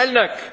elnök!